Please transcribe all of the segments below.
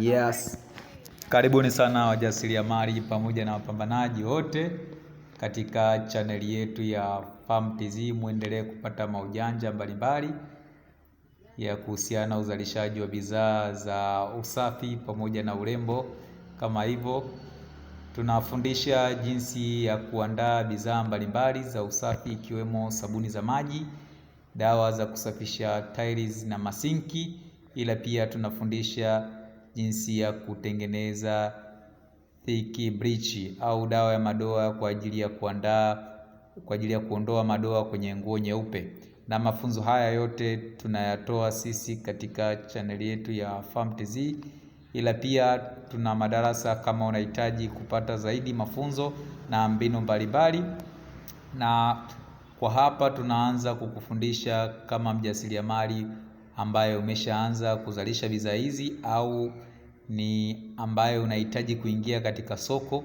Yes. Karibuni sana wajasiriamali pamoja na wapambanaji wote katika chaneli yetu ya Farm TZ, muendelee kupata maujanja mbalimbali ya kuhusiana na uzalishaji wa bidhaa za usafi pamoja na urembo. Kama hivyo, tunafundisha jinsi ya kuandaa bidhaa mbalimbali za usafi ikiwemo sabuni za maji, dawa za kusafisha tiles na masinki, ila pia tunafundisha jinsi ya kutengeneza thick bleach au dawa ya madoa kwa ajili ya kuandaa kwa ajili ya kuondoa madoa kwenye nguo nyeupe, na mafunzo haya yote tunayatoa sisi katika chaneli yetu ya FAM-TZ, ila pia tuna madarasa kama unahitaji kupata zaidi mafunzo na mbinu mbalimbali. Na kwa hapa tunaanza kukufundisha kama mjasiriamali ambayo umeshaanza kuzalisha bidhaa hizi au ni ambayo unahitaji kuingia katika soko.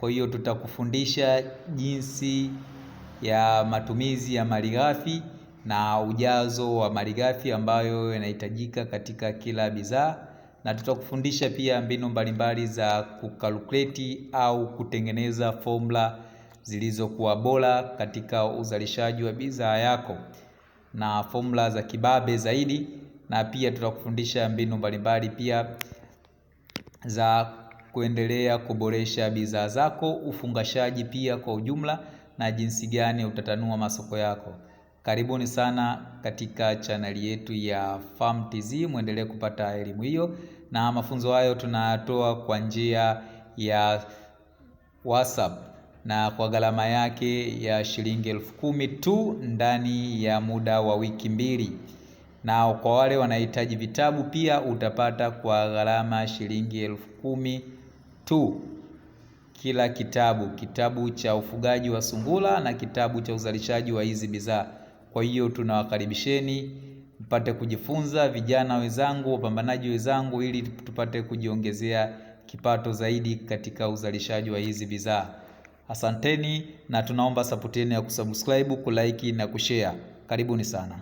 Kwa hiyo tutakufundisha jinsi ya matumizi ya malighafi na ujazo wa malighafi ambayo yanahitajika katika kila bidhaa na tutakufundisha pia mbinu mbalimbali za kukalkuleti au kutengeneza formula zilizokuwa bora katika uzalishaji wa bidhaa yako na formula za kibabe zaidi, na pia tutakufundisha mbinu mbalimbali pia za kuendelea kuboresha bidhaa zako, ufungashaji pia kwa ujumla, na jinsi gani utatanua masoko yako. Karibuni sana katika chaneli yetu ya Farm TZ, muendelee kupata elimu hiyo, na mafunzo hayo tunayatoa kwa njia ya WhatsApp na kwa gharama yake ya shilingi elfu kumi tu ndani ya muda wa wiki mbili, na kwa wale wanahitaji vitabu pia utapata kwa gharama shilingi elfu kumi tu kila kitabu, kitabu cha ufugaji wa sungura na kitabu cha uzalishaji wa hizi bidhaa. Kwa hiyo tunawakaribisheni mpate kujifunza, vijana wenzangu, wapambanaji wenzangu, ili tupate kujiongezea kipato zaidi katika uzalishaji wa hizi bidhaa. Asanteni na tunaomba sapoti yenu ya kusubscribe, kulike na kushare. Karibuni sana.